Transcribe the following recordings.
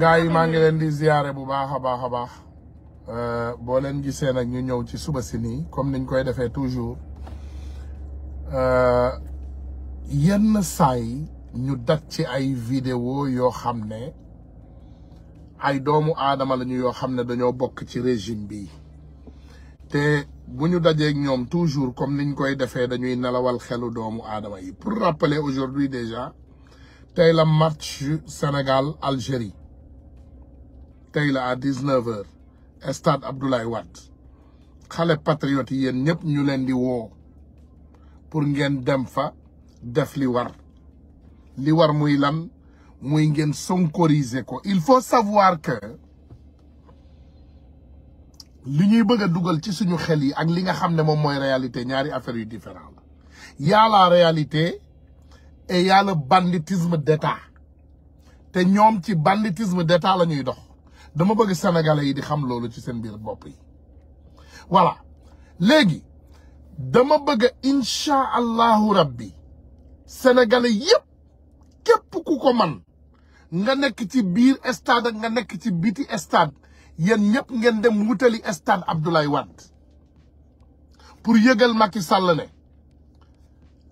gaa yi maa ngi leen di ziyaare bu baax a baax a baax euh, boo leen gisee nag ñu ñëw ci suba si nii comme niñ koy defee toujours euh, yenn saa yi ñu dat ci ay vidéo yoo xam ne ay doomu aadama lañu yoo xam ne dañoo bokk ci régime bi te bu ñu dajeeg ñoom toujours comme niñ koy defee dañuy nelawal xelu doomu aadama yi pour rappeler aujourd'hui déjà tey la match Sénégal Algérie tey la à dix neuf stade Abdoulaye Wade xale patriote yeen ñep ñu leen di wo pour ngeen dem fa def li war li war muy lan muy ngeen sonkoriser ko il faut savoir que li ñuy bëgg dugal ci suñu xel yi ak li nga xam mom moy réalité ñaari affaire yu différent ya la réalité et ya le banditisme d'État té ñom ci banditisme d'État la ñuy dox dama bëgg sénégalais yi di xam loolu ci seen biir bop yi voilà légui dama bëgg insha allah allahu rabbi sénégalais yépp képp ku ko man nga nekk ci biir stade nga nekk ci biti stade yen ñëpp ngeen dem wutali stade Abdoulaye wad pour yëgal Macky Sall ne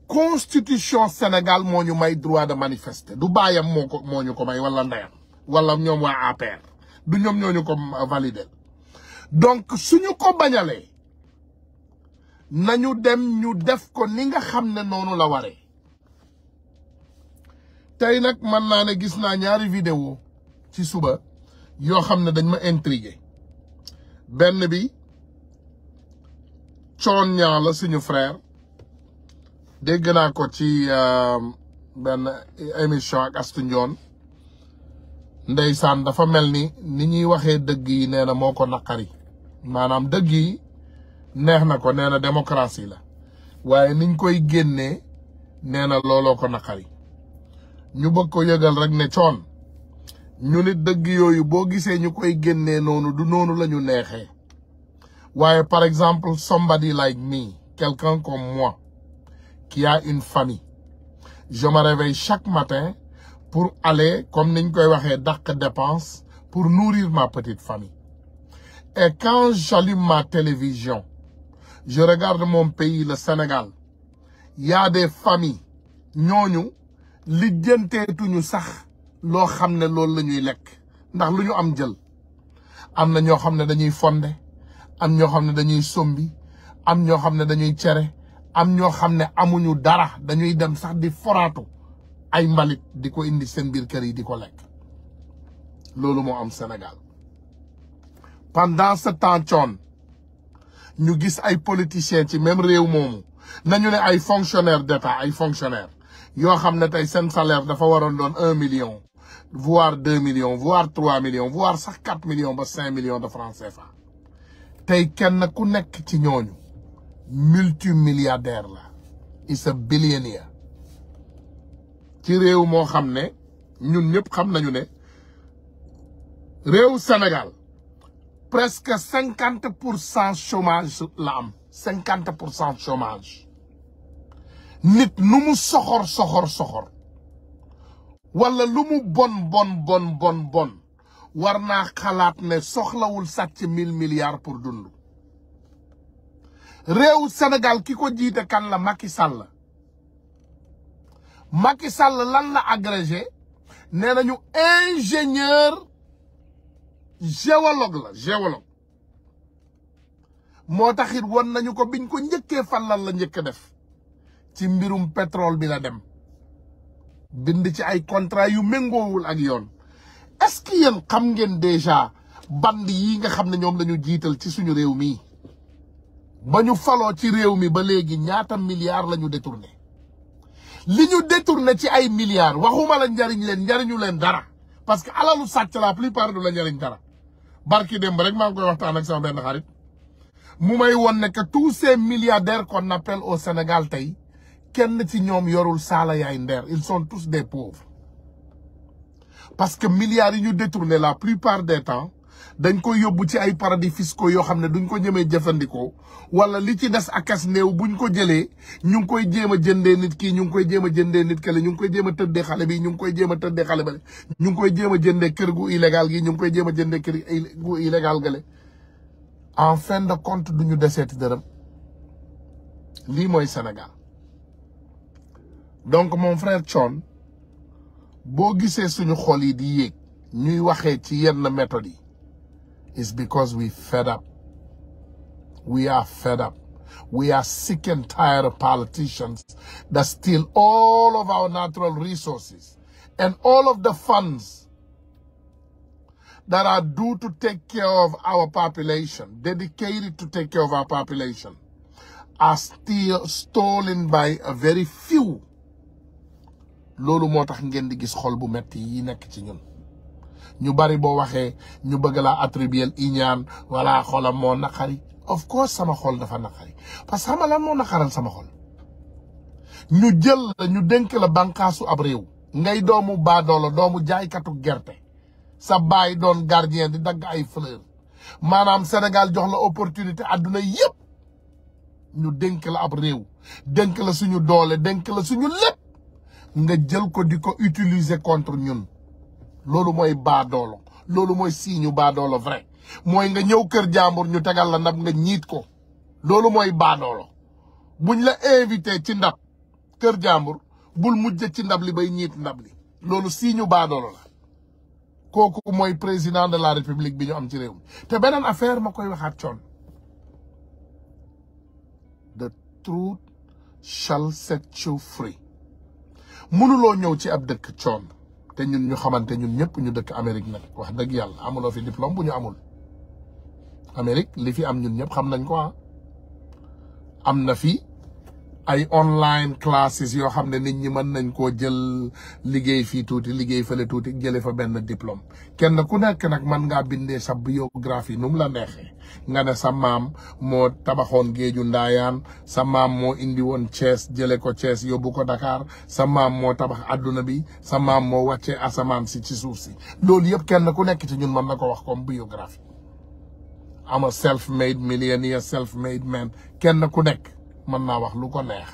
constitution Sénégal moñu may droit de manifester du bayam moko moñu ko may wala ndayam wala ñom wa APR du ñoom ñooñu ko valider donc suñu ko bañalee nañu dem ñu def ko ni nga xam ne noonu la waree tey nag mën naa ne gis naa ñaari vidéo ci suba yoo xam ne dañ ma intrigué benn bi coon ñaa la suñu frère dégg naa ko ci euh, benn émission ak Astu Njoon ndeysaan dafa mel ni ni ñuy waxee dëgg yi nee na moo ko naqari maanaam dëgg yi neex na ko nee na démocratie la waaye niñ koy génnee nee na looloo ko naqari ñu bëgg ko yëgal rek ne coon ñu nit dëgg yooyu boo gisee ñu koy génnee noonu du noonu la ñu neexee waaye par exemple somebody like me quelqu'un comme moi qui a une famille je me chaque matin pour aller comme nous koy fait dépense pour nourrir ma petite famille et quand j'allume ma télévision je regarde mon pays le Sénégal Il y a des familles que nous nous, nous nous, nous, nous, nous, nous, nous, ndax nous, am nous, nous, nous, nous, nous, dañuy nous, am nous, am am ay malik diko indi sen bir kër yi diko lek lolu mo am sénégal pendant ce temps là ñu gis ay politiciens ci même réew momu nañu né ay fonctionnaires d'état ay fonctionnaires yo xamné tay sen salaire dafa waron don 1 million voire 2 millions voire 3 millions voire sax 4 millions ba 5 millions de francs CFA tay kenn ku nek ci ñooñu multimilliardaire là il se billionaire ci réew moo xam ne ñun ñëpp xam nañu ne réew senegal presque cinquante pour cent chômage la am cinquante pour cent chômage nit nu mu soxor soxor soxor wala lu mu bon bon bon bon bon war naa xalaat ne soxlawul sàcc mille milliards pour dund réew senegal ki ko jiite kan la Macky la Macky Sall lan la agrégé nee nañu ingénieur géologue la géologue moo taxit won nañu ko biñ ko njëkkee fan lan la njëkk def ci mbirum pétrole bi la dem bind ci ay contrat yu méngoowul ak yoon est-ce que yéen xam ngeen déjà band yi nga xam ne ñoom lañu jiital ci suñu réew mi ba ñu faloo ci réew mi ba léegi ñaata milliards la ñu détourné li ñu détourné ci ay milliards waxuma la njariñ leen njariñu leen dara parce que alalu sàcc la plupart du la njariñ dara barki démb rek maa ngi koy waxtaan ak sama benn xarit mu may won ne que tous ces milliardaires qu'on au Sénégal tey kenn ci ñoom yorul saala yaay ndeer ils son tous des pauvres parce que milliards yi ñu détourné la plupart des temps dañ koy yóbbu ci ay paradis fiscaux yoo xam ne duñ ko ñemee jëfandikoo wala li ci des akas néew buñ ko jëlee ñu ngi koy jéem a jëndee nit kii ñu ngi koy jéem a jëndee nit kale ñu ngi koy jéem a tëddee bi ñu ngi koy jéem a tëddee xale ñu ngi koy jéem a jëndee kër gu illégal gi ñu ngi koy jéem a jëndee kër gu illégal gale en fin de compte duñu deseeti dërëm lii mooy senegal donc mon frère Thione boo gisee suñu xool yi di yéeg ñuy waxee ci yenn méthodes yi is because we fed up. We are fed up. We are sick and tired of politicians that steal all of our natural resources and all of the funds that are due to take care of our population, dedicated to take care of our population, are still stolen by a very few. ngeen di gis xol bu metti yi ci ñun ñu bari nyubagela waxé ñu bëgg la attribuer iñaan wala xolam mo nakari of course sama xol dafa nakari. parce que lan mo naqaral sama xol ñu jël la ñu dénk la bankasu ab réew ngay doomu doolo doomu gerte sa bay doon gardien di dag ay fleur manam Sénégal jox la opportunité aduna yépp ñu dénk la ab réew dénk la suñu doole la suñu lépp nga jël ko diko utiliser contre ñun loolu mooy baadoolo loolu mooy siiñu baadoolo vrai mooy nga ñëw kër jàmbur ñu tegal la ndab nga ñiit ko loolu mooy baadoolo buñ la invité ci ndab kër jàmbur bul mujj ci ndab li bay ñiit ndab li loolu siiñu baadoolo la kooku mooy président de la république bi ñu am ci réew mi te beneen affaire ma koy waxaat coon the truth shall set you mënuloo ñëw ci ab dëkk coon te ñun ñu xamante ñun ñëpp ñu dëkk Amérique nag wax dëgg yàlla amuloo fi diplôme bu ñu amul Amérique li fi am ñun ñëpp xam nañ ko ah. am na fi ay online classes yoo xam ne nit ñi mën nañ koo jël liggéey fii tuuti liggéey fële tuuti jëlee fa benn diplôme kenn ku nekk nag mën ngaa bindee sa biographie nu mu la neexee nga ne sa maam moo tabaxoon géeju ndaayaan sa maam moo indi woon Thiès jëlee ko cees yóbbu ko Dakar sa maam moo tabax àdduna bi sa maam moo wàccee asamaan si ci suuf si loolu yëpp kenn ku nekk ci ñun mën na ko wax comme biographie. am a self made millionaire self made man kenn ku nekk. mën naa wax lu ko neex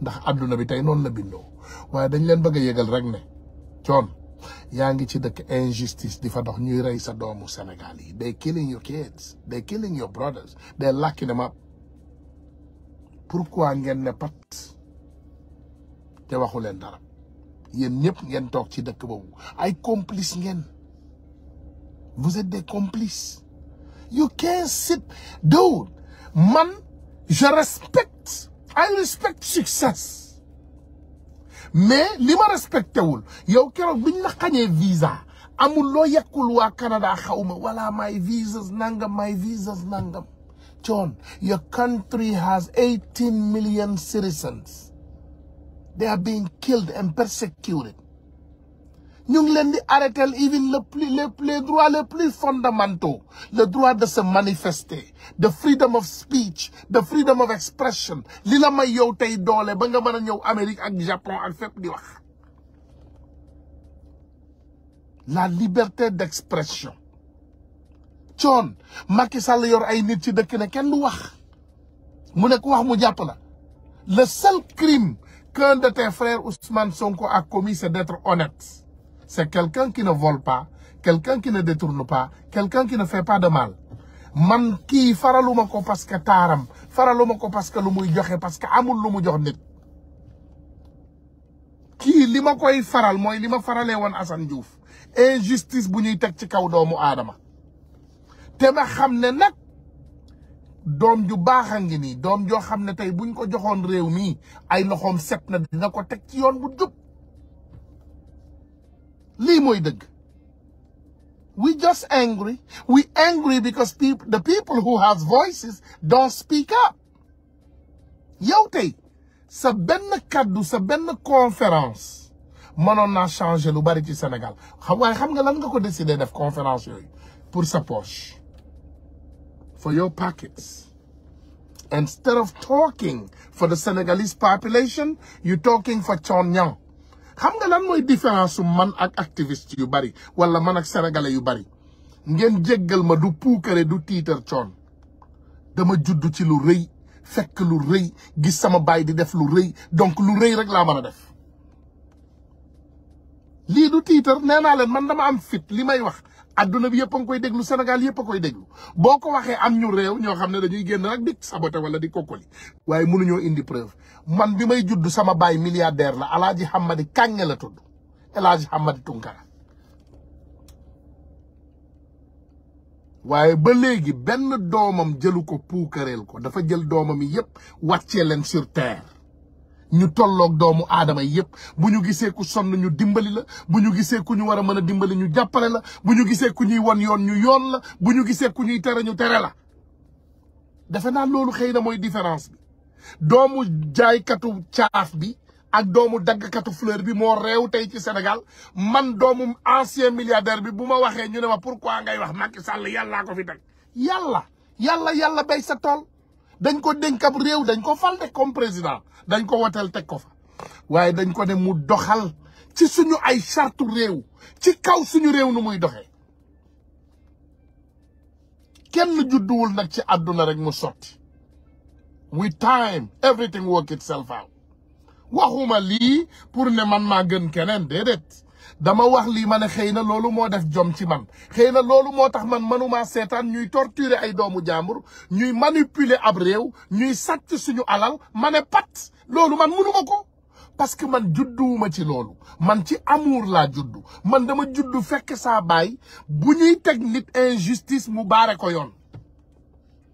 ndax àdduna bi tey noonu la bindoo waaye dañ leen bëgg a yëgal rek ne coon yaa ngi ci dëkk injustice di fa dox ñu rey sa doomu Sénégal yi they killing your kids they killing your brothers they locking them up pourquoi ngeen ne pat te waxu leen dara yéen ñëpp ngeen toog ci dëkk boobu ay complices ngeen vous êtes des complices you can't sit dude man je respecte I respect success mais li ma respecté wul yow keroog biñ la xañee visa amul loo yekkul waa Canada xawma wala my visas nangam my visas nangam John your country has 18 million citizens they are being killed and persecuted Nous ngi di arrêter even le plus les les droits les plus fondamentaux le droit de se manifester the freedom of speech the freedom of expression Lila que may yow tey doole ba nga mën a ñëw Amérique ak Japon ak fépp la liberté d'expression John, Macky Sall yor ay nit ci dëkk ne kenn lu wax mu ne wax mu japp la le seul crime qu'un de tes frères Ousmane Sonko a commis c'est d'être honnête c'est quelqu'un qui ne vole pas quelqu'un qui ne détourne pas quelqu'un qui ne fait de mal man kii faraluma ko parce que taaram faraluma ko parce que lu muy joxe parce que amul lu mu jox nit kii li ma koy faral mooy li ma farale woon Assane Diouf injustice bu ñuy teg ci kaw doomu aadama te ma xam ne nag doom ju baaxa ngi nii doom joo xam ne tey buñ ko joxoon réew mii ay loxoom set na dina ko teg ci yoon bu jub lii we just angry we angry because the people who have voices don't speak up You tey sa benn kaddu sa benn conférence mënoon naa changer lu bari ci Sénégal How waaye xam nga lan nga ko décider def conférence yooyu pour sa poche for your pockets instead of talking for the Senegalese population you're talking for Thione xam nga lan mooy différence su man ak activiste yu bari wala man ak sénégalais yu bari ngeen jéggal ma du puukare du tiitar coon dama judd ci lu rëy fekk lu rëy gis sama baay di def lu rëy donc lu rëy rek laa mën a def lii du tiitar nee naa leen man dama am fit li may wax adduna bi yëpp a ngi koy déglu senegal yëpp koy déglu boo ko waxee am ñu réew ñoo xam ne dañuy génn rek di saboté wala di kokkoli waaye mënuñoo indi preuve man bi may judd sama baay milliardaire la alaaji Hamadi Kànge la tudd alaaji Hamadi Tunkara waaye ba léegi benn doomam jëlu ko puukareel ko dafa jël doomam yi yëpp wàccee leen sur terre ñu tolloog doomu aadama yépp bu ñu gisee ku sonn ñu dimbali la bu ñu gisee ku ñu war a mën a dimbali ñu jàppale la bu ñu gisee ku ñuy won yoon ñu yoon la bu ñu gisee ku ñuy tere ñu tere la defe naa loolu xëy na mooy différence bi doomu jaaykatu caaf bi ak doomu daggkatu fleur bi moo réew tey ci Sénégal man doomu ancien milliardaire bi bu ma waxee ñu ne ma pourquoi ngay wax Macky sàll yàllaa ko fi teg yàlla yàlla yàlla béy sa tool dañ ko dénk ab réew dañ ko fal teg comme président dañ ko woteel teg ko fa waaye dañ ko ne mu doxal ci suñu ay charte réew ci kaw suñu réew nu muy doxee kenn judduwul nag ci àdduna rek mu sotti with time everything work itself out waxuma lii pour ne man maa gën keneen déedéet dama wax lii ma ne xëy na loolu moo def jom ci man xëy na loolu moo tax man mënuma seetaan ñuy torturer ay doomu jàmbur ñuy manipuler ab réew ñuy sàcc suñu alal ma ne pat loolu man mënuma ko parce que man judduwuma ci loolu man ci amour laa juddu man dama juddu fekk saa baay bu ñuy teg nit injustice mu baare ko yoon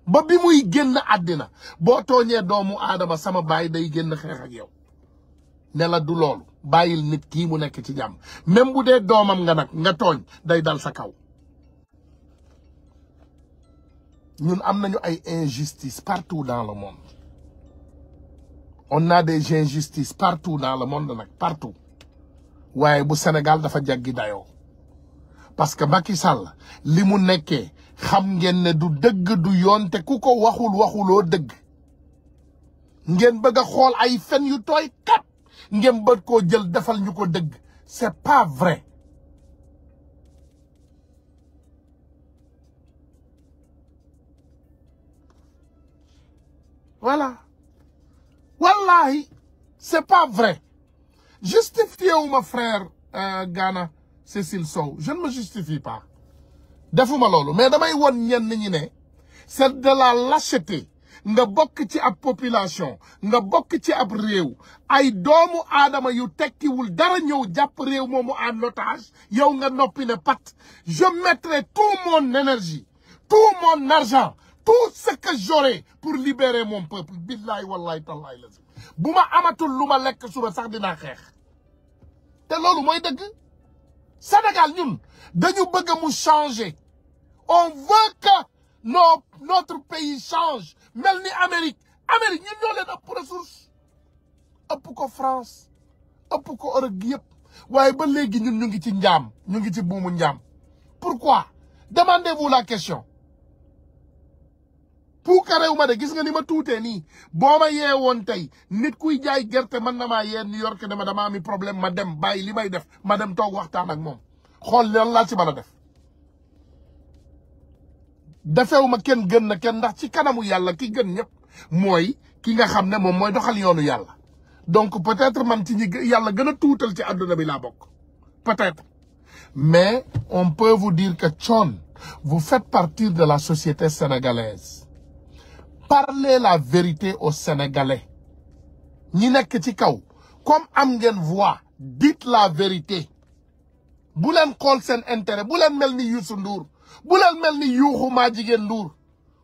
ba bi muy génn àddina boo tooñee doomu aadama sama baay day génn xeex ak yow ne du loolu bàyyil nit kii mu nekk ci jàmm même bu dee doomam nga nag nga tooñ day dal sa kaw ñun am nañu ay injustice partout dans le monde on a des injustices partout dans le monde nag partout waaye bu senegal dafa jaggi dayoo parce que Macky Sall li mu nekkee xam ngeen ne du dëgg du yoon te ku ko waxul waxuloo dëgg ngeen bëgg a xool ay fen yu tooy kat ngeen bët ko jël defal ñuko deug c'est pas vrai voilà wallahi c'est pas vrai justifiez wu ma frère euh, Gana Cécile Sow je ne me justifie pas defuma lolu mais damay won ñen ñi né c'est de la lâcheté nga bok ci ab population nga bok ci ab réew ay doomu adama yu wul dara ñew japp réew momu en otage yow nga nopi ne pat je mettrai tout mon énergie tout mon argent tout ce que j'aurai pour libérer mon peuple billahi wallahi tallahi lazim buma ma amatul lu ma lekk suba sax dina xex té lolu moy dëgg Sénégal ñun dañu bëgg mu changer on veut que non notre pays change mel ni Amérique Amérique ñun ñoo leen ëpp ressource ëpp ko France ëpp ko Europe yëpp waaye ba léegi ñun ñu ngi ci njaam ñu ngi ci buumu njaam pourquoi demandez-vous la question puukarewu ma de gis nga ni ma tuutee nii boo ma yee woon tey nit kuy jaay gerte mën na maa yee New York ne ma damaa ami problème ma dem bàyyi li may def ma dem toog waxtaan ak moom xool lan laa ci mën a def dafewuma ken gën na ken ndax ci kanamu yalla ki gën ñep moy ki nga xamne mom moy doxal yoonu yalla donc peut-être man ci ñi yàlla gën a ci aduna bi la bok peut-être mais on peut vous dire que Chon, vous faites partie de la société sénégalaise parlez la vérité aux Sénégalais ñi nek ci kaw comme am ngeen voix dites la vérité bu leen xool sen intérêt bu leen mel yousou Ndour bu leen mel ni yuuxu maa jigéen luur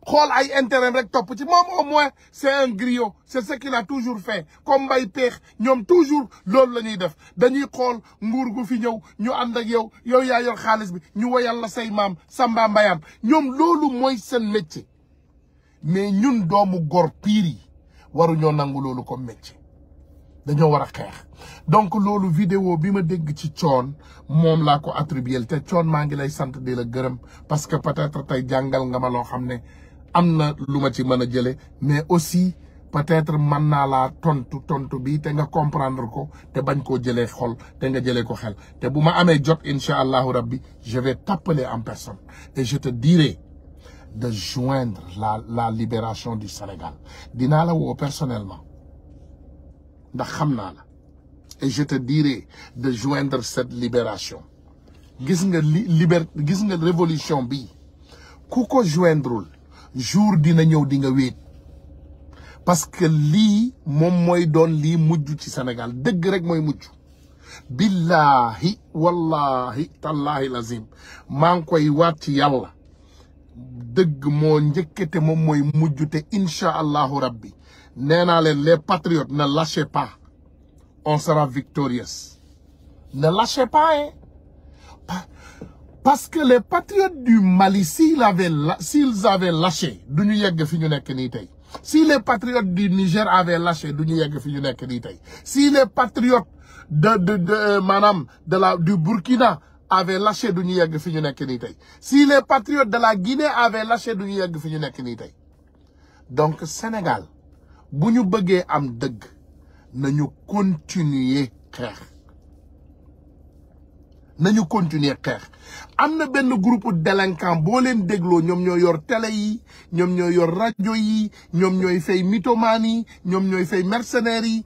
xool ay intérêt rek topp ci moom au moins c'est un griot c'est ce qu'il toujours fait comme mbay peex ñoom toujours loolu la ñuy def dañuy xool nguur gu fi ñëw ñu ànd ak yow yow yaa xaalis bi ñu woyal la say maam samba mbayam ñoom loolu mooy seen métier mais ñun doomu gor piir yi waruñoo nangu loolu comme métier dañu wara xex donc lolu vidéo bima ma dégg ci coon mom la ko attribuer té coon maa ngi lay sante di la gërëm parce que peut-être tay jangal nga ma loo xam ne am ci mëna jëlé mais aussi peut-être mën naa laa tontu tontu bi té nga comprendre ko té bañ ko jëlé xol té nga jëlé ko xel té buma ma jot inshallah allahu rabbi je vais t'appeler en personne et je te dirai de joindre la la libération du Sénégal Dina la personnellement ndax la et je te dirai de joindre cette libération gis nga li liberté gis nga révolution bi ku ko joindrul jour dina ñëw di nga parce que li mon moi don li mujj ci Sénégal dëgg rek mooy mujj billahi wallahi tallahi lazim man koy yalla ci yàlla dëgg moo njëkkate moom te rabbi les patriotes ne lâchez pas on sera victorieux ne lâchez pas hein parce que les patriotes du Mali s'ils avaient s'ils avaient lâché si les patriotes du Niger avaient lâché si les patriotes de de de euh, de la du Burkina avaient lâché si les patriotes de la Guinée avaient lâché donc Sénégal bu ñu bëggee am dëgg nañu continuer xeex nañu continuer xeex am na benn groupe délinquant boo leen dégloo ñoom ñoo yor tele yi ñoom ñoo yor rajo yi ñoom ñooy fay mythomane yi ñoom ñooy fay mercenaires yi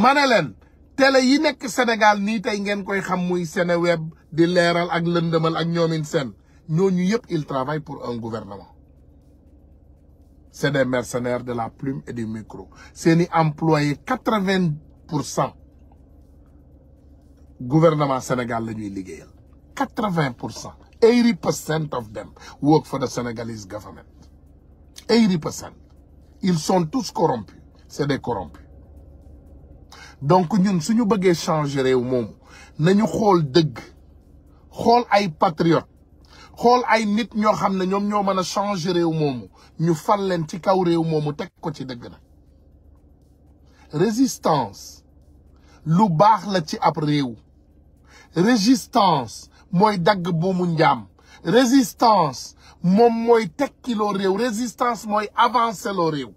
ma ne leen télé yi nekk Sénégal nii tey ngeen koy xam muy Seneweb di leeral ak lëndëmal ak ñoomin seen ñooñu yëpp il travaille pour un gouvernement c'est des mercenaires de la plume et du micro. C'est des employés. 80% gouvernement Sénégal est illégal. 80%. 80% of them work for the Senegalese government 80%. ils sont tous corrompus c'est des corrompus donc ñun nous voulons changer au monde, nous devons regarder les patriotes xool ay nit ñoo xam ne ñoom ñoo mën a changer réew moomu ñu fal leen ci kaw réew moomu teg ko ci dëgg na résistance lu baax la ci ab réew résistance mooy dagg buumu njaam résistance moom mooy tekkiloo réew résistance mooy avancé loo réew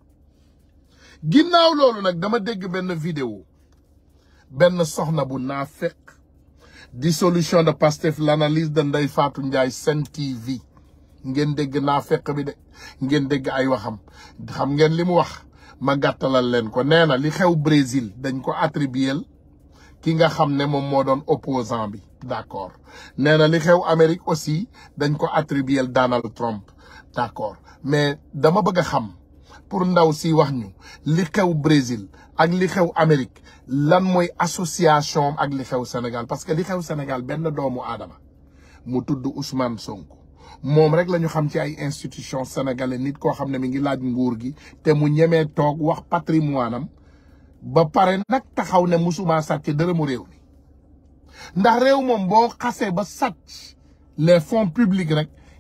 ginnaaw loolu nag dama dégg benn vidéo benn soxna bu naafeq dissolution de Pastef l'analyse de Ndeye Fatou Ndiaye Sen TV ngeen dégg naa fekk bi de ngeen dégg ay waxam xam ngeen li mu wax ma gàttalal leen ko nee na li xew Brésil dañ ko attribuer ki nga xam ne moom moo doon opposant bi d'accord nee na li xew Amérique aussi dañ ko attribuer Donald Trump d'accord mais dama bëgg a xam pour ndaw si wax ñu li xew Brésil ak li xew Amérique lan mooy association ak li xew Sénégal parce que li xew Sénégal benn doomu aadama mu tudd Ousmane Sonko moom rek la ñu xam ci ay institution sénégalais nit koo xam ne mi ngi laaj nguur gi te mu ñemee toog wax patrimoine am ba pare nag taxaw ne musuma sàcc dërëmu réew mi ndax réew moom boo xasee ba sàcc les fonds publics rek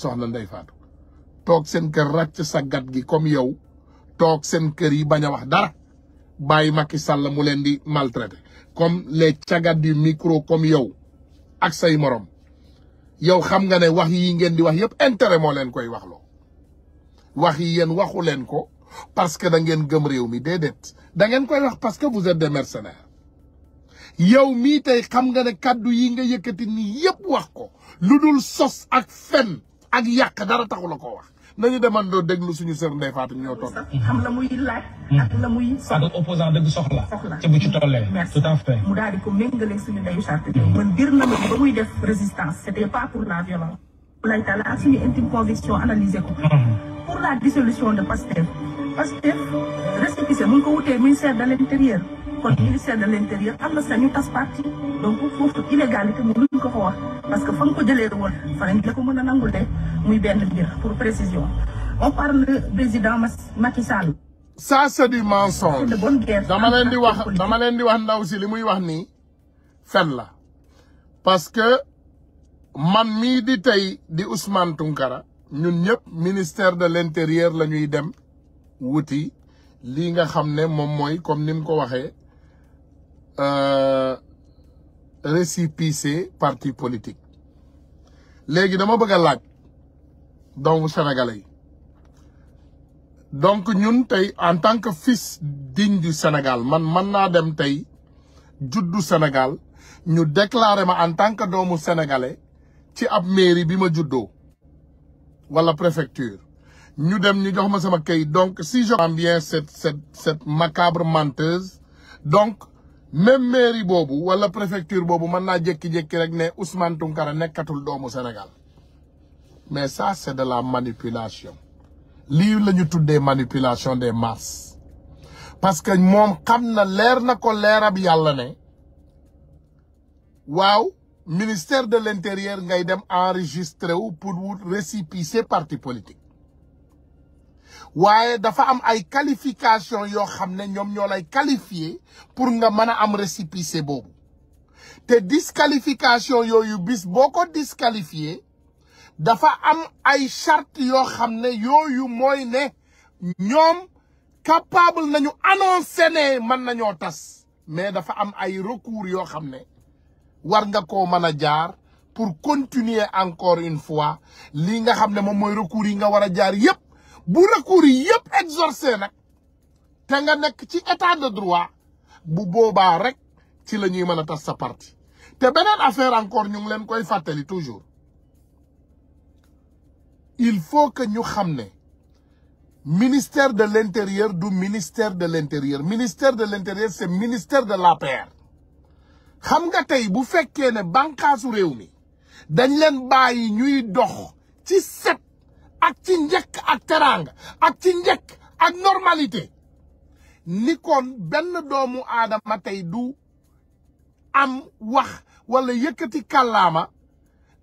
soxna ndey Fatou sen keur ratch sa gat gi comme yow tok sen keur yi baña wax dara bàyyi Macky Sall mu len di maltraiter comme les tiagat du micro comme yow ak say morom yow xam nga ne wax yi ngeen di wax yëpp intérêt mo len koy lo wax yi yen waxu len ko parce que da ngeen gëm rew mi dedet da ngeen koy wax parce que vous êtes des mercenaires yow mi tay xam nga ne kàddu yi nga yëkëti ni yëpp wax ko ludul sos ak fenn ak yàq dara taxu la ko wax nañu demandoo déglu suñu sër Ndeye Fatou ñoo toog. xam la muy laaj. Hmm. ak la muy soxla ak opposant soxla. soxla ci bu ci tollee. tout à fait. mu daal man hmm. dir na ma ba muy def résistance. c'était pas pour la violence. lay taala ak suñu intime conviction analyser ko. Hmm. pour la dissolution de Pastef. Pastef récépissé mu ngi ko wutee ministère de l'intérieur. kon ministère um de l' intérieur am na sañu tas parti donc foofu illégalité mu luñ ko fa wax parce que fa nga ko jëlee woon fa lañ la ko mën a nangulee muy um benn mbir pour précision on parle président Macky Sall. ça c'est du mensonge dama leen di wax dama leen di wax ndaw si li wax nii fen la parce que man mii di tey di Ousmane Tounkara ñun ñëpp ministère de l' intérieur dem wuti lii nga xam ne moom comme ni ko waxee euh, récépissé parti politique Légui, dama bëgg a laaj sénégalais donc ñun tay en tant que fils digne du Sénégal man man na dem tey juddu Sénégal ñu déclaré ma en tant que doomu sénégalais ci ab mairie bi ma wala préfecture ñu dem ñu jox ma sama donc si je comprends bien cette cette cette macabre menteuse donc même mairie ou wala préfecture bobu man na jékki-jékki rek né Ousmane Tounkara nekkatul doomu Sénégal mais ça c'est de la manipulation li lañu tuddé manipulation des masses parce que mom xamna lèr na ko ab yalla né waaw ministère de l'intérieur ngay dem enregistré ou pour wut récépissé parti politique waaye dafa am ay qualification yoo xam ne ñoom ñoo lay qualifié pour nga mën a am récépissé boobu te disqualification yooyu bis boo ko disqualifié dafa am ay charte yoo xam ne yooyu mooy ne ñoom capable nañu annoncé ne mën nañoo tas mais dafa am ay recours yoo xam ne war nga ko mën a jaar pour continuer encore une fois li nga xam ne moom mooy recours yi nga war a jaar yépp bu recours yep yëpp exorcé te nga nekk ci état de droit bu boba rek ci la ñuy mën tas sa parti te benen affaire encore ñu ngi leen koy toujours il faut que ñu xam ministère de l'intérieur du ministère de l'intérieur ministère de l'intérieur c'est ministère de la xam nga tey bu fekkee ne bànqaasu réew dañ leen ñuy dox ci ak ci ñeek ak terang ak ci ñeek ak normalité ni kon ben doomu aadama tay du am wax wala yëkëti kalaama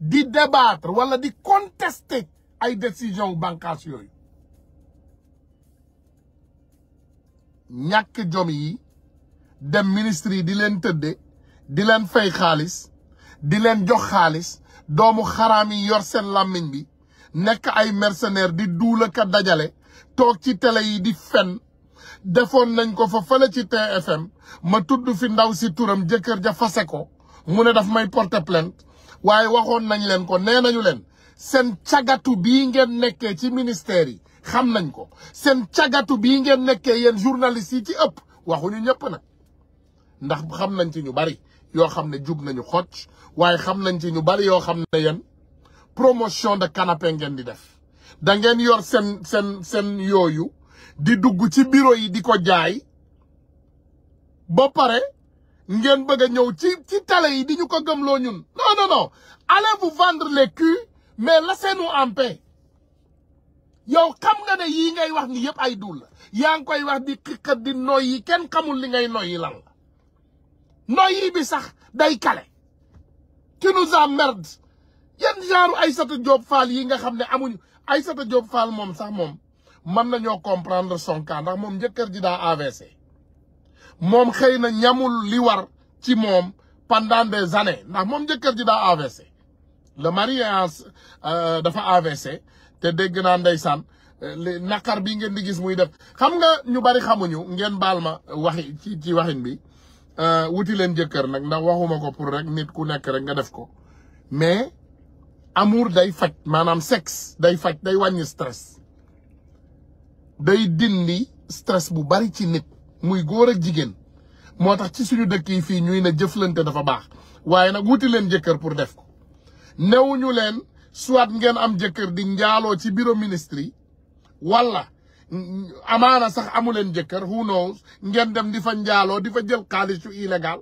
di débattre wala di contester ay décision bànqaas yoy ñak jom yi dem ministre di leen tëdde di leen fay xaliss di leen jox xaliss doomu kharam yi yor sen lamine bi nekk ay mercenaires di duula ka dajale toog ci télé yi di fen defoon nañ ko fa fële ci TFM ma tudd fi ndaw si turam jëkkër ja fase ko mu ne daf may porter plainte waaye waxoon nañ leen ko nee nañu leen seen cagatu bi ngeen nekkee ci ministère yi xam nañ ko seen cagatu bii ngeen nekkee yéen journalistes yi ci ëpp waxuñu ñëpp nag ndax xam nañ ci ñu bari yoo xam ne jub nañu xocc waaye xam nañ ci ñu bari yoo xam ne yen promotion de canapé ngeen di def dangeen yor seen seen seen yooyu di dugg ci bureau yi di ko jaay ba pare ngeen bëgg a ñëw ci ci télé yi di ñu ko gëmloo ñun non non non allez vous vendre les culs mais la seenu en yow xam nga ne yii ngay wax ni yëpp ay dul yaa ngi koy wax di xikkat di noyyi kenn xamul li ngay noyyi lan la noyyi bi sax day kale tu nous emmerdes yan ay Aïssata Diop Fall yi nga xam ne amuñu Aïssata Diop Fall moom sax moom mën ñoo comprendre son cas ndax moom njëkkër ji daa AVC moom xëy na ñamul li war ci moom pendant des années ndax moom njëkkër ji daa AVC le mari euh, dafa AVC te dégg naa ndeysaan euh, naqar bi ngeen di gis muy def xam nga ñu bari xamuñu ngeen baal ma waxi ci ci waxin bi euh, wuti leen jëkkër nag ndax waxuma ko pour rek nit ku nekk rek nga def ko mais amour day fajj manam sex day fajj day wàññi stress day dindi stress bu bari ci nit muy goor ak jigen motax ci suñu dekk yi fi ñuy na jëflante dafa bax waye nak wuti len jëkkeur pour def ko newuñu len soit ngeen am jëkkeur di ndialo ci bureau ministry wala amana sax amu len who knows ngeen dem di fa ndialo di fa jël khalisu illegal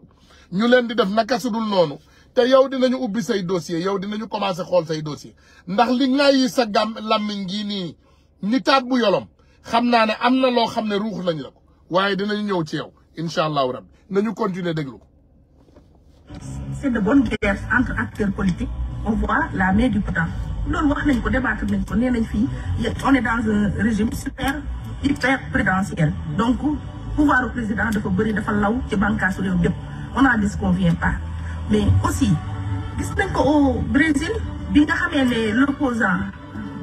ñu len di def naka sudul te yow dinañu ubbi say dossier yow dinañu commencé xool say dossier ndax li ngay sa gam làmmiñ gii nii ni taat bu yolom xam naa ne am na loo xam ne ruux lañ la ko waaye dinañu ñëw ci yow incha allahu rabbi nañu continuer déglu ko c'est de bonne guerre entre acteurs politiques on voit la main du loolu wax nañ ko débattre nañ ko nee fii on est dans un régime super hyper présidentiel donc pouvoir président dafa bëri dafa law ci bànqaasu réew mais aussi gis nañ ko au Brésil bi nga xamé né l'opposant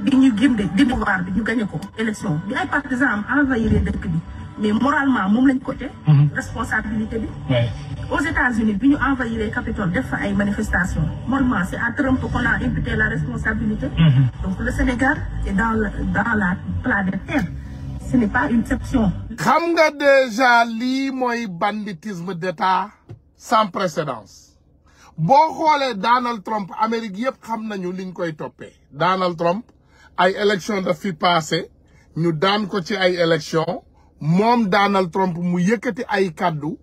bi ñu gimde di pouvoir bi ñu gagné ko élection bi ay partisans am envahir dëkk bi mais moralement mom lañ côté mhm. responsabilité bi aux États-Unis bi ñu envahir Capitole def fa ay manifestations moralement c'est à Trump qu'on a imputé la responsabilité mhm. donc le Sénégal est dans le dans la planète Terre ce n'est pas une exception Vous nga déjà lii moy banditisme d'État sans précédence boo xoolee Donald Trump Amérique yëpp xam nañu liñ koy toppee Donald Trump ay élection daf fi passé ñu daan ko ci ay élection moom Donald Trump mu yëkkati ay kàddu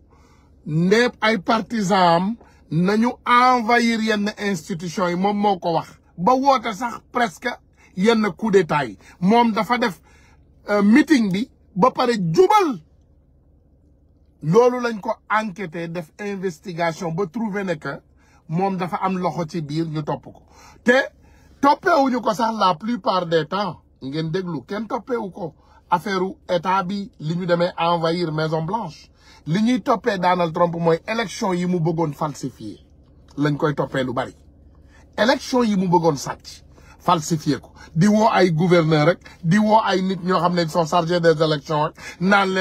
ndeeb ay partisans am nañu envahir yenn institution yi moom moo ko wax ba woote sax presque yenn coup d'état yi moom dafa def euh, meeting bi ba pare jubal loolu lañ ko enquêté def investigation ba trouvé ne mom dafa am loxo ci biir ñu top ko topé la plupart des temps ngeen déglu topé wu ko affaire état bi li ñu envahir Maison Blanche li ñuy Donald Trump moy élection yi mu bëggone falsifier lañ koy topé lu bari élection yi mu bëggone Ils falsifier. ko di wo ay gouverneur rek di wo ay nit chargés des élections ma ma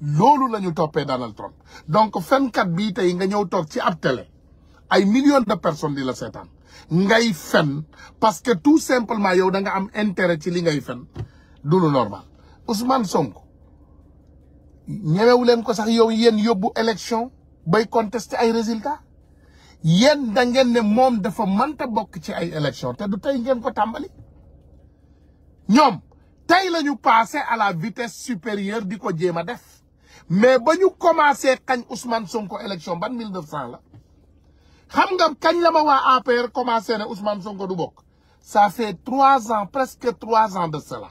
loolu lañu topé Donald Trump donc fenkat bi tay nga ñew tok ci ab télé ay millions de personnes di la setan. ngay fen parce que tout simplement yow da nga am intérêt ci li ngay fen du lu normal Ousmane Sonko ñemewu ko sax yow yeen yobbu élection bay contester ay résultat yeen da ngeen ne mom dafa manta bok ci ay élection té du tay ngeen ko tambali ñom tay la passer à la vitesse supérieure di ko def mais ba ñu commencé kañ Ousmane Sonko élection ban 1900 la xam nga kañ la ma APR commencé à Ousmane Sonko du ça fait trois ans presque trois ans de cela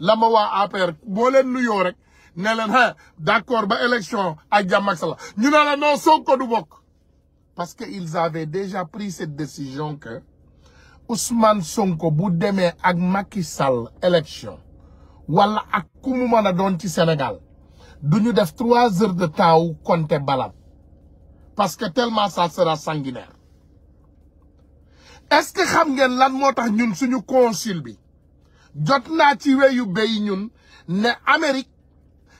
la ma APR boo New York, rek ne leen hein, d'accord ba élection ak jàmm ak Nous ñu ne non Sonko du parce que ils avaient déjà pris cette décision que Ousmane Sonko bu demee ak Macky Sall élection wala ak ku mu mën Sénégal duñu def 3 heures de temps ou compter balab parce que tellement ça sera sanguinaire est-ce que xam ngeen lan motax ñun suñu consul bi jot na ci wéyu bay ñun ne Amérique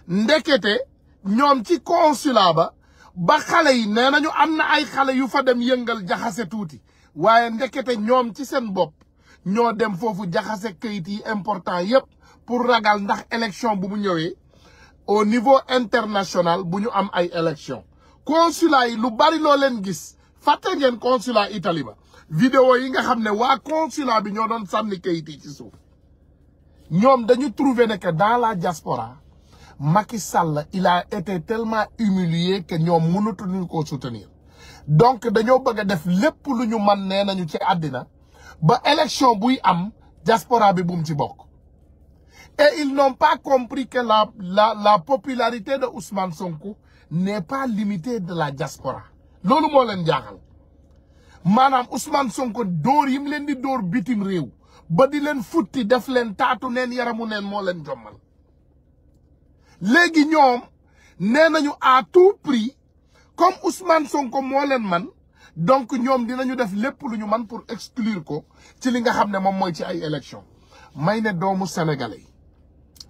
ndekete ñom ci consulat ba ba xalé yi nee nañu am ay xalé yu fa dem yëngal jaxassé touti ñom ci seen bop ño dem foofu jaxassé kayit yi important yépp pour ragal ndax élection bu mu ñëwé au niveau international bu ñu am ay élection consulat yi lu bari lo leen gis faté ngeen consulat Italie ba vidéo yi nga xamné wa consulat bi ñoo doon sanni kayit ci souf ñom dañu trouver que dans la diaspora Macky Sall il a été tellement humilié que mënu mënatuñu ko soutenir donc dañu bëgg def lépp lu ñu man né nañu ci adina ba élection buy am diaspora bi bum ci bokk Et ils n'ont pas compris que la, la, la popularité de Ousmane Sonko n'est pas limitée de la diaspora. ce que je veux maanaam Ousmane Sonko dóor yi mu leen di dóor bitim réew ba di leen futti def leen taatu neen yaramu neen moo leen jommal léegi ñoom nee nañu à tout prix comme Ousmane Sonko est leen man donc ñoom dinañu def lépp lu ñu man pour exclure ce ci li nga xam ne moom Je suis un élection sénégalais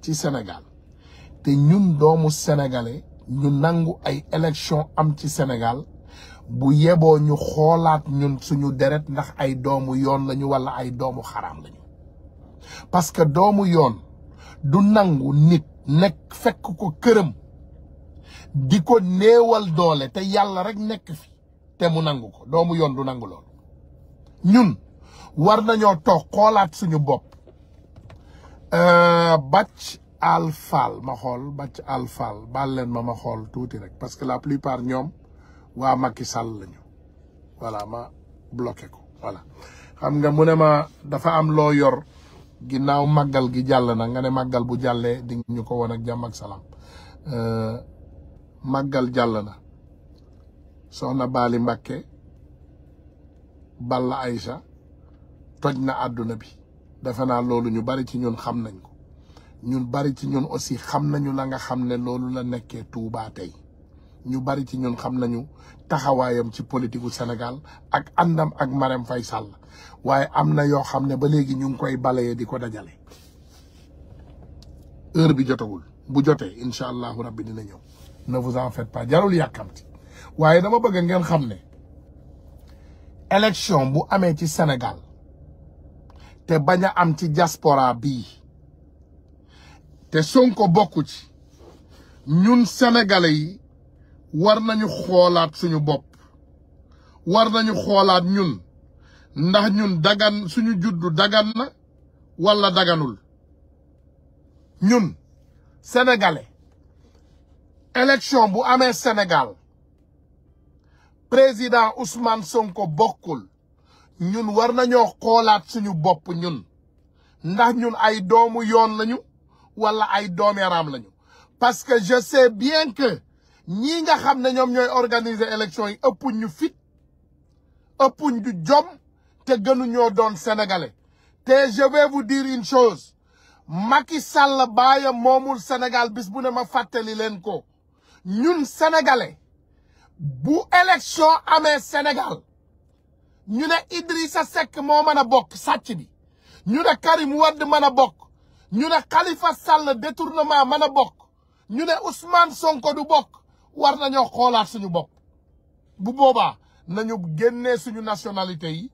ci Sénégal te ñun doomu sénégalais ñu nangu ay élection am ci Sénégal bu yeboo ñu xoolaat ñun suñu deret ndax ay doomu yoon lañu walla ay doomu xaraam lañu parce que doomu yoon du nangu nit nekk fekk ko këram di ko néewal doole te yàlla rekk nekk fi te mu nangu ko doomu yoon du nangu loolu ñun war nañoo toog xoolaat suñu bopp Euh, batch Alfal ma xol batch Alfal balen leen ma ma xol touti rek parce que la plupart ñom wa Macky Sall lañu voilà ma bloqué ko voilà. xam nga mu ma dafa am lo yor magal magal gi jall na nga ne magal bu jallé di ñu ko won ak jam ak euh magal jall na soxna bali mbacké Balla Aïcha tojna aduna bi. defe naa loolu ñu bari ci ñun xam nañ ko ñun bari ci ñun aussi xam nañu la nga xam ne loolu la nekkee Touba tey ñu bari ci ñun xam nañu taxawaayam ci politique gu Sénégal ak andam ak Marème Faye Sall waaye am na yoo xam ne ba léegi ñu ngi koy balayee di ko dajale heure bi jotawul bu jotee incha allahu rabbi dina ñëw ne vous en fait pas jarul yàkkamti waaye dama bëgg ngeen xam ne élection bu amee ci Sénégal te bañ a am ci diaspora bi te Sonko bokku ci ñun senegale yi war nañu xoolaat suñu bopp war nañu xoolaat ñun ndax ñun dagan suñu juddu dagan na walla daganul ñun senegale élection bu amee Sénégal président Ousmane Sonko bokkul ñun war nañu xoolaat suñu bop ñun ndax ñun ay doomu yoon lañu wala ay ram lañu parce que je sais bien que ñi nga xam ñom ñoy organiser élection yi ëppuñ ñu fit ëppuñ du jom te gënuñoo doon sénégalais té je vais vous dire une chose Macky Sall baayam moomul Sénégal bis bu ne ma fatali len ko ñun sénégalais bu élection amé Sénégal ñu né Idrissa sek mo mëna bok sacc bi ñu né Karim wad mëna bok ñu né Khalifa Sall détournement mëna bok ñu né Ousmane Sonko du bok war nañu xolaat suñu bok bu boba nañu génné suñu nationalité yi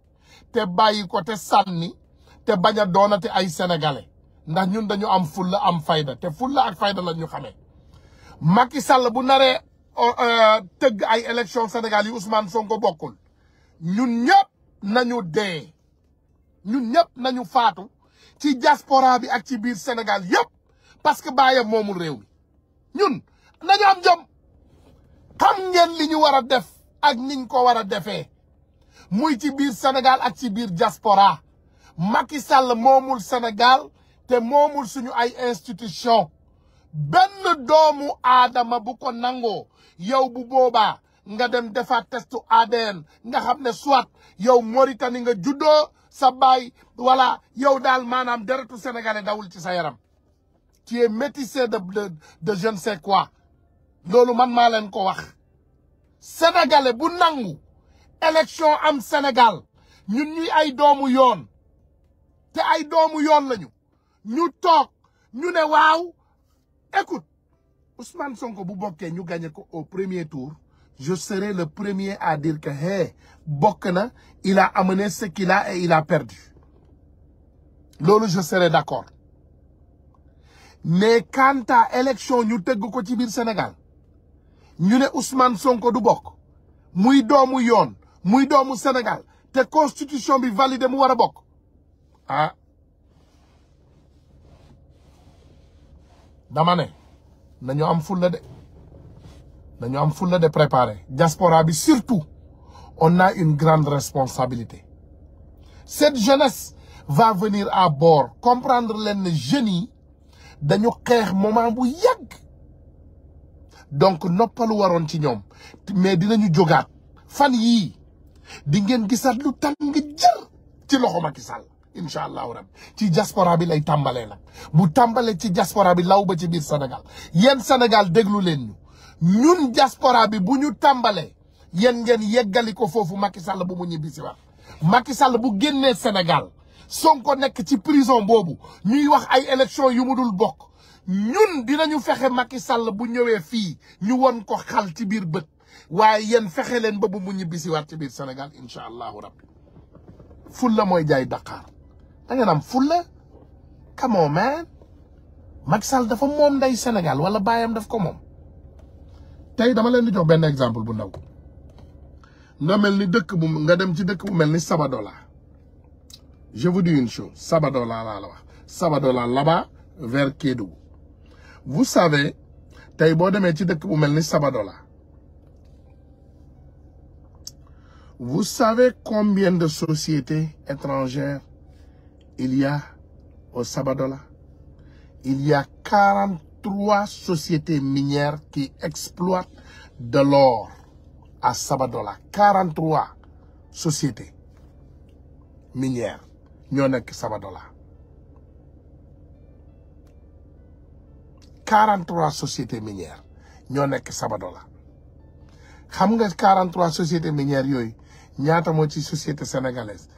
te bàyyi ko te sànni te bañ a ay sénégalais ndax ñun dañu am fulla am fayda te fulla ak fayda la ñu xamee Macky Sall bu euh teug ay élection Sénégal yi Ousmane Sonko bokul ñun ñëpp nañu dee ñun ñëpp nañu faatu ci diaspora bi ak ci biir Sénégal yëpp parce que bàyyam moomul réew mi ñun nañu am jom xam ngeen li ñu war a def ak niñ ko war a defee muy ci biir senegal ak ci biir diaspora Macky Sall moomul Sénégal te moomul suñu ay institution benn doomu aadama bu ko nangoo yow bu boobaa nga dem defat testu ADN nga xamne soit yow Mauritanie nga sa bay wala yow dal manam deretu sénégalais dawul ci sa yaram tu es métissé de de de je ne sais quoi loolu man ma len ko wax sénégalais bu nangou élection am Sénégal ñun ñuy ay doomu yoon te ay doomu yoon lañu ñu tok ñu né waw écoute Ousmane Sonko bu bokké ñu gagné ko au premier tour je serai le premier à dire que hey Bokna, il a amené ce qu'il a et il a perdu Lolo, je serai d'accord mais quant à élection ñu tëgg ko ci Sénégal ñu sommes Ousmane Sonko du sommes muy doomu Nous Sénégal te constitution est validé mu war Bok. ah dama ne nañu am de nous avons de préparer diaspora surtout on a une grande responsabilité cette jeunesse va venir à bord comprendre les ne moment bu yag. donc noppalu pas ci ñoom mais dinañu jógaat fan nous di ngeen lu ci diaspora bi lay bu diaspora Sénégal Sénégal déglu ñun diaspora bi bu ñu tàmbalee yéen ngeen yeggali ko foofu Macky Sall bu mu ñibbisiwaat Macky Sall bu génnee Sénégal Sonko nekk ci prison boobu ñuy wax ay élection yu mu dul bokk ñun dinañu fexe Macky Sall bu ñëwee fii ñu won ko xal ci biir bët waaye yéen fexe leen ba bu mu ñibbisiwaat ci biir Sénégal incha allahu rabbi fulla mooy jaay Dakar da ngeen am fulla come on man Macky dafa moom nday Sénégal wala baayam daf ko moom tay dama len di jox ben exemple bu ndaw na melni deuk bu nga dem ci deuk bu melni ni Sabadola je vous dis une chose Sabadola laa la wax Sabadola là-bas vers Kédougou vous savez tay bo demé ci deuk bu melni ni Sabadola vous savez combien de sociétés étrangères il y a au Sabadola il y a quarante trois sociétés minières qui exploitent de l'or à Sabadola. 43 sociétés minières ñoo nekk Sabadola. 43 sociétés minières ñoo nekk Sabadola Vous savez 43 sociétés minières il y a une société sénégalaise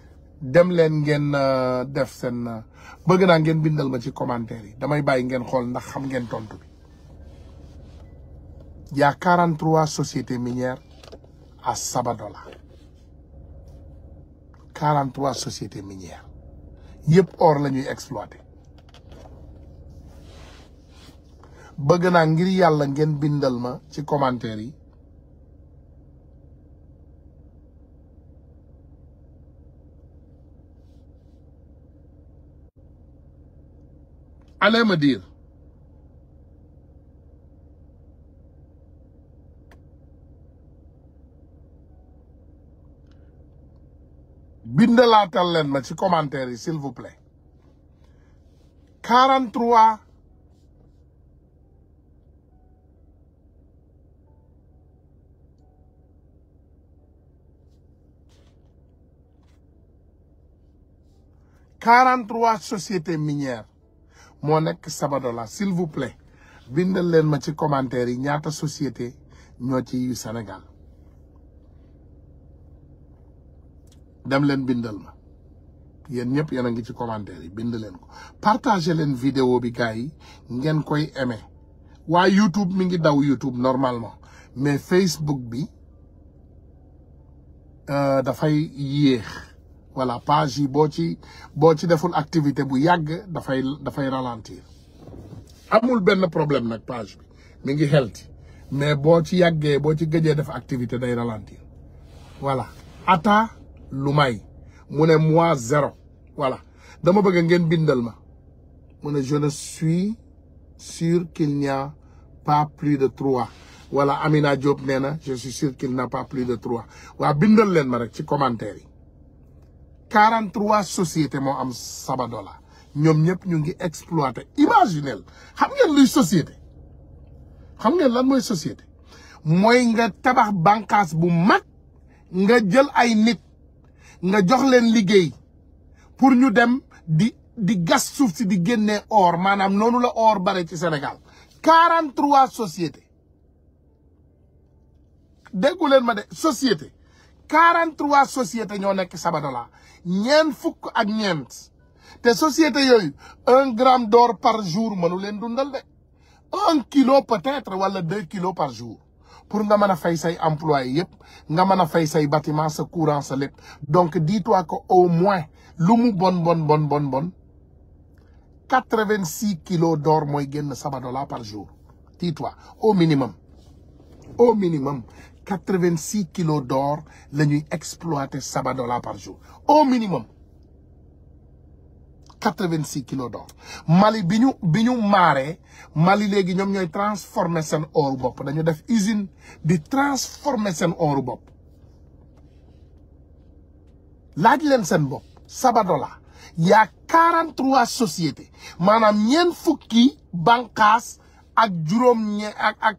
dem len ngeen euh, def sen beug na ngeen bindal ma ci commentaire yi damay bay ngeen xol ndax xam ngeen tontu bi ya 43 société minière à Sabadola 43 société minière yëpp or lañuy exploiter beug na ngir yalla ngeen bindal ma ci commentaire yi allez me bindalaatal leen ma ci commentaire yi s'il vous quarante trois sociétés minières Sabadola s'il vous plaît partagez len ma ci commentaire ñaata société au Sénégal ma Yen ñep ngi ci commentaire ko vidéo bi koy aimé YouTube mi ngi YouTube normalement mais Facebook bi euh, dafay voilà page yi boo ci boo ci deful activité bu yàgg dafay dafay ralentir amul benn problème nag page bi mi ngi healthy mais boo ci yàggee boo ci gëjee def activité day ralentir voilà ata lu may mu ne moi zéro voilà dama bëgg ngeen bindal ma mu ne je ne suis sûr qu'il n'y a pas plus de trois voilà Amina Diop nee na je suis sûr qu'il n'y pas plus de trois waa bindal leen ma rek ci commentaire yi 43 sociétés mo am Sabadola ñom ñep ñu ngi exploiter imaginel xam ngeen luy société xam ngeen lan moy société moy nga tabax bankas bu mag nga jël ay nit nga jox leen liggéey pour ñu dem di di gas souf ci di génné or manam nonu la or bare ci Sénégal 43 sociétés déggu ma de société 43 sociétés ñoo nekk Sabadola nien fuk ak nient. te société un gramme d'or par jour dundal un kilo peut-être wala deux kilos par jour pour nga gamana fay say employé nga bâtiments, fay bâtiment courant donc dis-toi que au moins lu bon bon bon bon bon 86 kilos d'or par jour dis-toi au minimum au minimum 86 kilos d'or la exploiter 7 dollars par jour au minimum 86 kilos d'or Mali biñu ñu bi Mali légui ñom ñoy transformer sen or bopp dañu def usine di transformer sen or bopp laaj leen seen dollars. Il y a 43 sociétés Manam ñen fukki bànqaas ak juróom ñe ak ak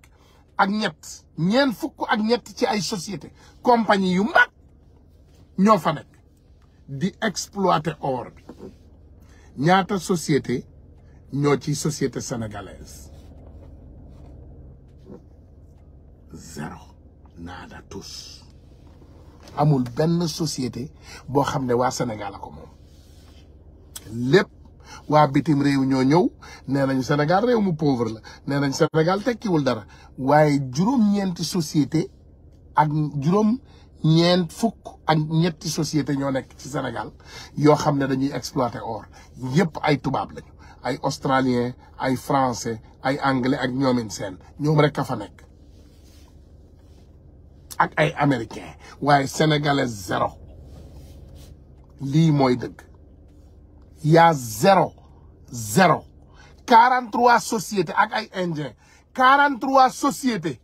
ak ñett ñeent fukk ak ñett ci ay société compagnie yu mag ñoo fa nekk di exploité or bi ñaata société ñoo ci société sénégalaise zéro naada amul benn société boo xam ne waa Sénégal ko moom lépp waa bitim réew ñoo ñëw nee nañu Sénégal réew mu pauvre la nee nañ Sénégal tekkiwul dara waaye juróom-ñeenti société ak juróom ñeent fukk ak ñetti société ñoo nekk ci Sénégal yoo xam ne dañuy exploiter or yépp ay tubaab lañu ay australien ay français ay anglais ak ñoomin seen ñoom rekk a fa nekk ak ay américain waaye sénégalais zéro lii mooy dëgg yaa zéro zéro 43 société ak ay indien 43 sociétés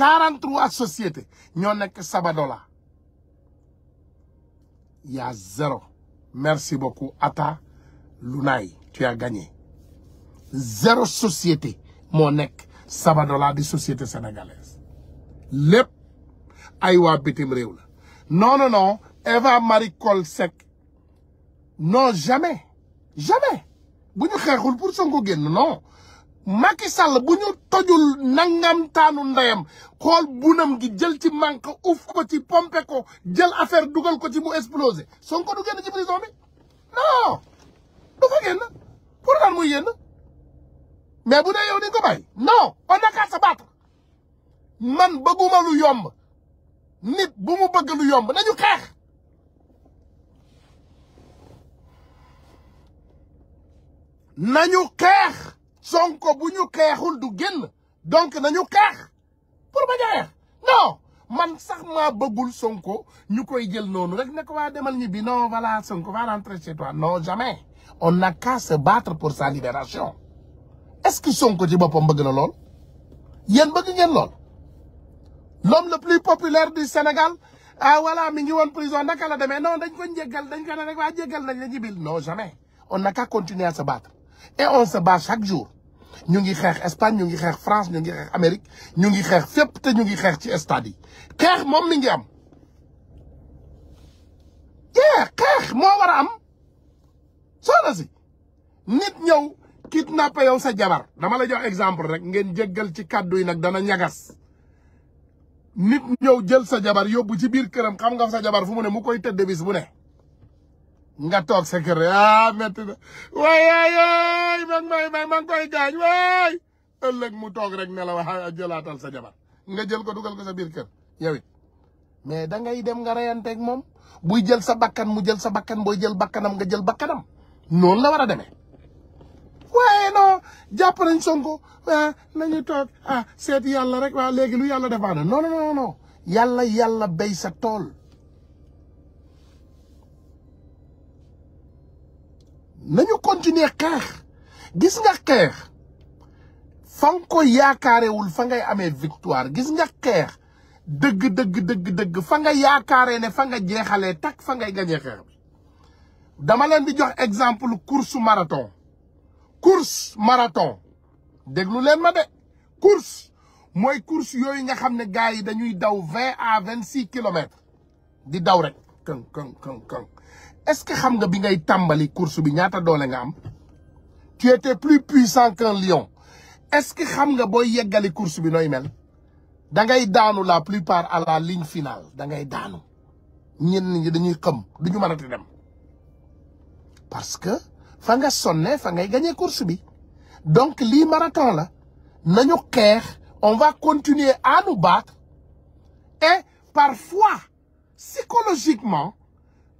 quarante trois ñoo nekk Sabadola y'a zéro merci beaucoup Atta Lounaye tu as gagné zéro société moo nekk Sabadola di société sénégalaise lépp ay waa bitim réew la non Eva Marie Coll sec. non jamais jamais Vous ñu xeexul pour son non Macky Sall bu tojul nangam taanu bunam gi jël ci manque ouf ko ci pomper ko jël affaire dugal ko ci mu Son ko du génn ci prison bi non du fa pour dal yenn mais bu dee yow ni ko bay non on n'a qu'à se man beuguma lu yomb nit bu mu lu nañu nañu kex Sonko buñu kexul du génn donc nañu xeex pour bañ non man sax ma beugul Sonko ñukoy jël noonu rek ne wa waa demal bi non voilà Sonko va rentrer chez toi non jamais on n'a qu'à se battre pour sa libération est-ce que Sonko ci bopam bëgg na lool yeen bëgg ngeen lool l'homme le plus populaire du Sénégal ah voilà mi ngi won prison naka la demee non dañ ko jéggal dañ ko ne rek wa jéggal nañ la ñibbil non jamais on n'a qu'à continuer à se battre et on se bat chaque jour ñu ngi xeex Espagne ñu ngi xeex France ñu ngi xeex Amérique ñu ngi xeex fépp te ñu ngi xeex ci stade yi xeex moom mi ngi am jee xeex moo war a am soxna si nit ñëw kidnappé yow sa jabar dama la jox exemple rek ngeen jëggal ci kàddu yi nag dana ñagas nit ñëw jël sa jabar yóbbu ci biir këram xam nga sa jabar fu mu ne mu koy tëdd bis bu ne nga tok sa kër ah métti na ay waay man may may man koy gañ way ëlëk mu tok rek nela wax jëlatal sa jabar nga jël ko duggal ko sa biir kër yawit mais da ngay dem nga ak mom bu jël sa bakkan mu jël sa bakkan boy jël bakkanam nga jël bakkanam non la wara démé way no non nañ Sonko ah nañu tok ah sét yalla rek wa légui lu défa na non non non yalla yalla bay sa tol nañu continuer xeex gis nga xeex fa ko yaakaarewul fa ngay amee victoire gis nga xeex dëgg dëgg dëgg dëgg fa nga yaakaaree ne fa nga jeexalee tak fa ngay gañee xeex bi dama leen di jox exemple course marathon course marathon déglu leen ma de course mooy course yooyu nga xam ne gars yi dañuy daw vingt à vingt six kilomètres di daw rek këŋ est-ce que xam nga bi ngay courses course bi ñaata doole tu étais plus puissant qu'un lion est-ce que xam nga booy les course bi nooy mel da ngay daanu la plupart à la ligne finale da ngay daanu ñenn ñi dañuy xam duñu mënati dem parce que fa nga sonne fa ngay gagné course bi donc les marathon la nañu on va continuer à nous battre et parfois psychologiquement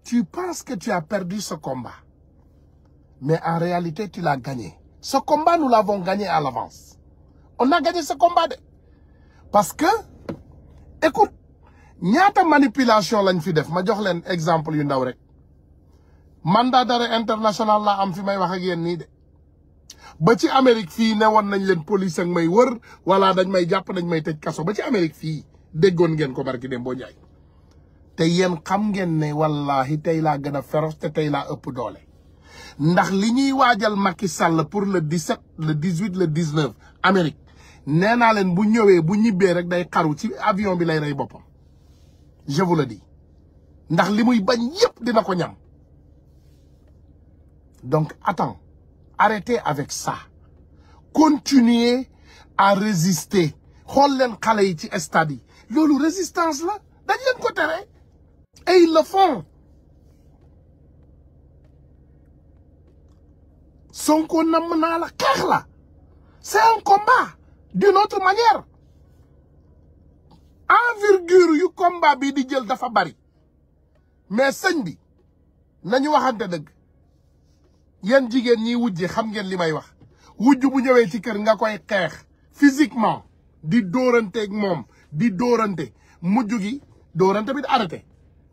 tu penses que tu as perdu ce combat. Mais en réalité, tu l'as gagné. Ce combat, nous l'avons gagné à l'avance. On a gagné ce combat. Parce que, écoute, y manipulation lañ fi def ma jox leen exemple yu ndaw rek mandat d'arrêt international laa am fi may wax ak yéen nii Amérique fi ne nañ leen police ak may wër wala dañ may japp dañ may tej kaso ba ci Amérique fi déggoon ngeen ko barki dem te yéen xam ngeen ne wallahi tay la gëna a féroce te tey laa ëpp doole ndax li ñuy waajal Macky Sall pour le 17 le 18 le 19 Amérique nee naa leen bu ñëwee bu ñibbee rek day xaru ci avion bi lay rey boppam je vous le dis ndax li muy bañ yépp dina ko ñam donc attends arrêtez avec ça continuez à résister xool leen xale yi ci stade yi loolu résistance la dañ leen ko tere et ils le font. Sonko Namna la Karla. C'est un combat d'une autre manière. Envergure yu combat bi di jël dafa bari. Mais sëñ bi nañu waxante dëgg. Yéen jigéen ñi wujje xam ngeen li may wax. wujj bu ñëwee ci kër nga koy xeex physiquement di dóoranteeg mom. di dóorante mujj gi bit arrêté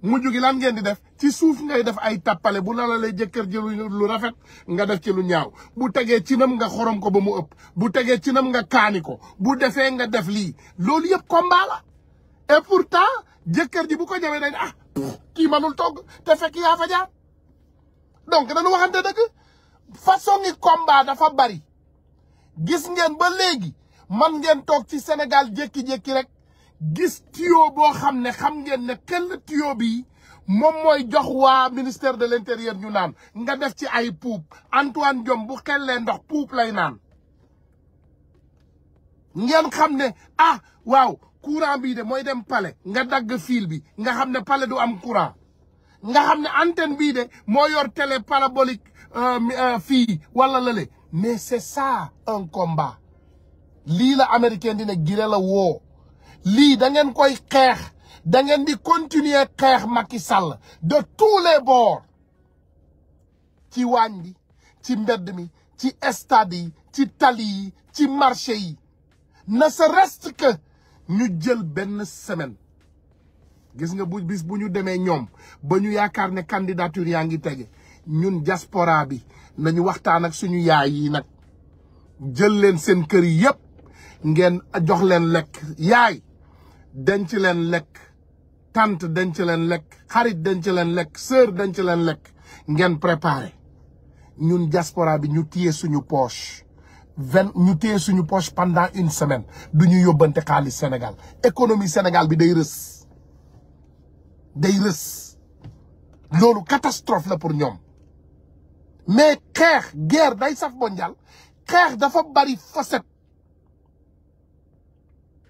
mujj gi lan ngeen di def ci souf ngay def ay tapale bu lay jeuker ji lu rafet nga def ci lu ñaaw bu tege ci nam nga xorom ko ba mu upp bu tege ci nam nga kaniko bu defé nga def li loolu yeb combat la et pourtant jeuker ji bu ko ñëwee dañ ah ki manul tok te fek ya fa jaar donc dañu waxante deug façon ni combat dafa bari gis ngeen ba man ngeen tok ci Sénégal jékki-jékki rek gis tuyau boo xam ne xam ngeen ne kell tuyau bi moom mooy jox waa ministère de l'intérieur ñu naan nga def ci ay puub Antoine Diome bu xellee ndox puub lay naan ngeen xam ne ah waaw courant bii de mooy dem pale nga dagg fiil bi nga xam ne pale du am courant nga xam ne antenne bii de moo yor télé parabolique euh, euh, fii wala lële mais c'est ça un combat lii la américain dina gire la woo lii dangeen koy xeex dangeen di continue xeex Macky sàll de tous les bords ci waañ bi ci mbedd mi ci stade yi ci tali yi ci marché yi na serait-ce que ñu jël benn semaine gis nga bu bis bu ñu demee ñoom ba ñu yaakaar ne candidature yaa ngi tege ñun diaspora bi nañu waxtaan ak suñu yaay yi nag jël leen seen kër yi yépp ngeen jox leen lekk yaay denc leen tante denc leen lekk xarit denc leen lekk sœur denc leen lekk ngeen préparé ñun diaspora bi ñu tié suñu poche Nous ñu tié suñu poche pendant une semaine duñu ñu yóbbante Sénégal économie Sénégal bi day rës day rës une catastrophe la pour nous. mais xeex guerre day saf mondial xeex dafa bari facette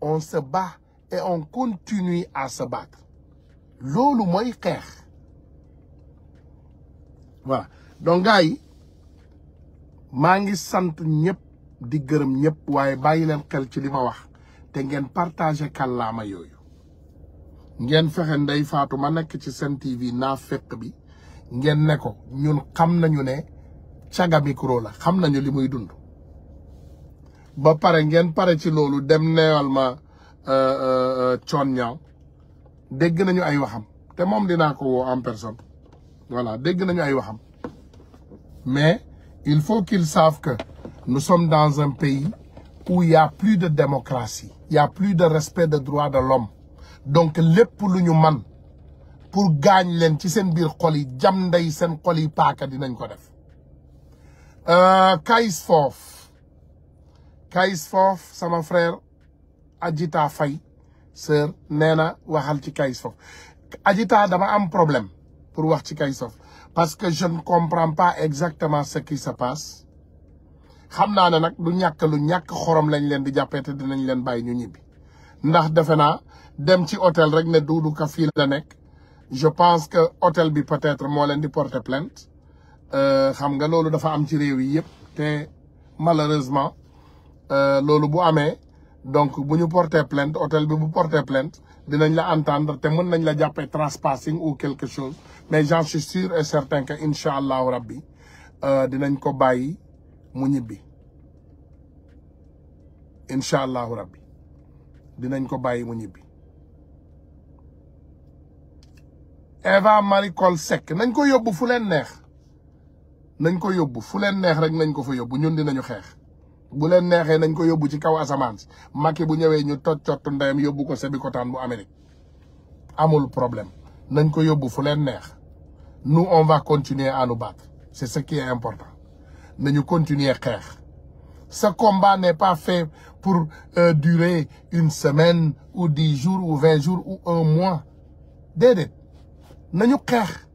on se bat et on continue à se battre Lolo moi xeex voilà donc gars mangi sante ñep di gërem ñep waye bàyyi leen xel ci lima wax té ngeen partager kàllaama yoyu. ngeen fexe Ndeye Fatou ma nek ci Sen TV na fekk bi ngeen neko ñun xam nañu ne caga micro la xam nañu dund ba paré ngeen paré ci lolu dem néwalma euh euh ñaaw euh, dégg nañu ay waxam té mom dina ko wo en personne voilà dégg nañu ay waxam mais il faut qu'ils savent que nous sommes dans un pays où il y a plus de démocratie il y a plus de respect des droits de l'homme donc lepp luñu man pour gagner len ci sen bir xol yi jam ndey seen xol yi paaka dinañ ko def euh foofu Kayz Fof sama frère ajita fay sœur nee na waxal ci Kayz Fof Adjita dama am problème pour wax ci Kayz Fof parce que je ne comprends pas exactement ce qui se passe xam naa ne nag du ñàkk lu ñàkk xorom lañ leen di jàppee te dinañ leen bàyyi ñu ñibbi ndax defe naa dem ci hôtel rek ne Doudou Ka fii la nekk je pense que hôtel bi peut-être moo leen di porter plainte euh, xam nga loolu dafa am ci réew yi yëpp te malheureusement Euh, Lolo bu donc si porter plainte hôtel bi porter plainte dinañ entendre témoins mën nañ la ou quelque chose mais j'en suis sûr et certain que inshallah Rabbi, euh, rabbi dinañ ko mu ñibbi rabbi dinañ Eva Marie sec. nañ ko yobbu fu neex nañ ko neex rek bu leen neexee nañ ko yóbbu ci kaw asamaan si bu ñëwee ñu tot tot ndeyam yóbbu ko Sébikotane bu Amérique amul problème nañ ko yóbbu fu leen neex nous on va continuer à nous battre c'est ce qui est important nañu continuer xeex ce combat n'est pas fait pour euh, durer une semaine ou 10 jours ou 20 jours ou un mois déedéet nañu xeex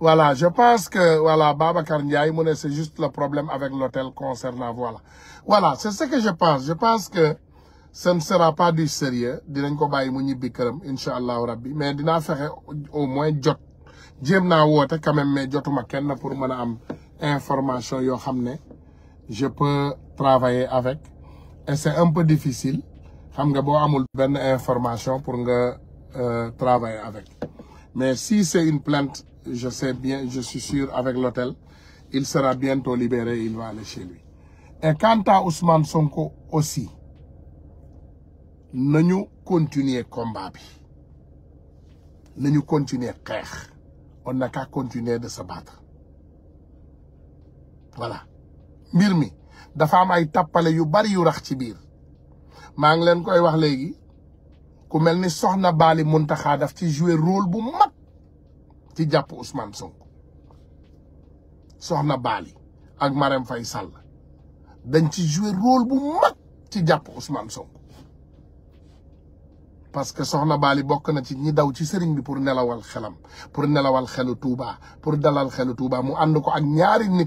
voilà, je pense que voilà, Baba Ndiaye, c'est juste le problème avec l'hôtel concernant. Voilà, voilà c'est ce que je pense. Je pense que ce ne sera pas du sérieux. Dinañ ko bayyi mu ñibbi inshallah rabbi mais dina faire au moins jot jëm na woté quand même mais jotuma kenn pour mëna am information yo xamné je peux travailler avec et c'est un peu difficile xam nga bo amul ben information pour nga euh, travailler avec mais si c'est une plainte je sais bien, je suis sûr, avec l'hôtel, il sera bientôt libéré, il va aller chez lui. Et quant à Ousmane Sonko aussi, nous continuer le combat. Nous continuer le On n'a qu'à continuer de se battre. Voilà. mbir la dafa a ay tappale yu bari yu rax ci bir maa ngi leen koy wax léegi ku melni soxna Baali daf ci jouer rôle bu ci jàpp Ousmane Sonko soxna Baali ak Marème fay Sall dañ ci jouer rôle bu mag ci jàpp Ousmane Sonko parce que soxna Baali bokk na ci ñi daw ci sëriñ bi pour nelawal xelam pour nelawal xelu Touba pour dalal xelu Touba mu ànd ko ak ñaari nit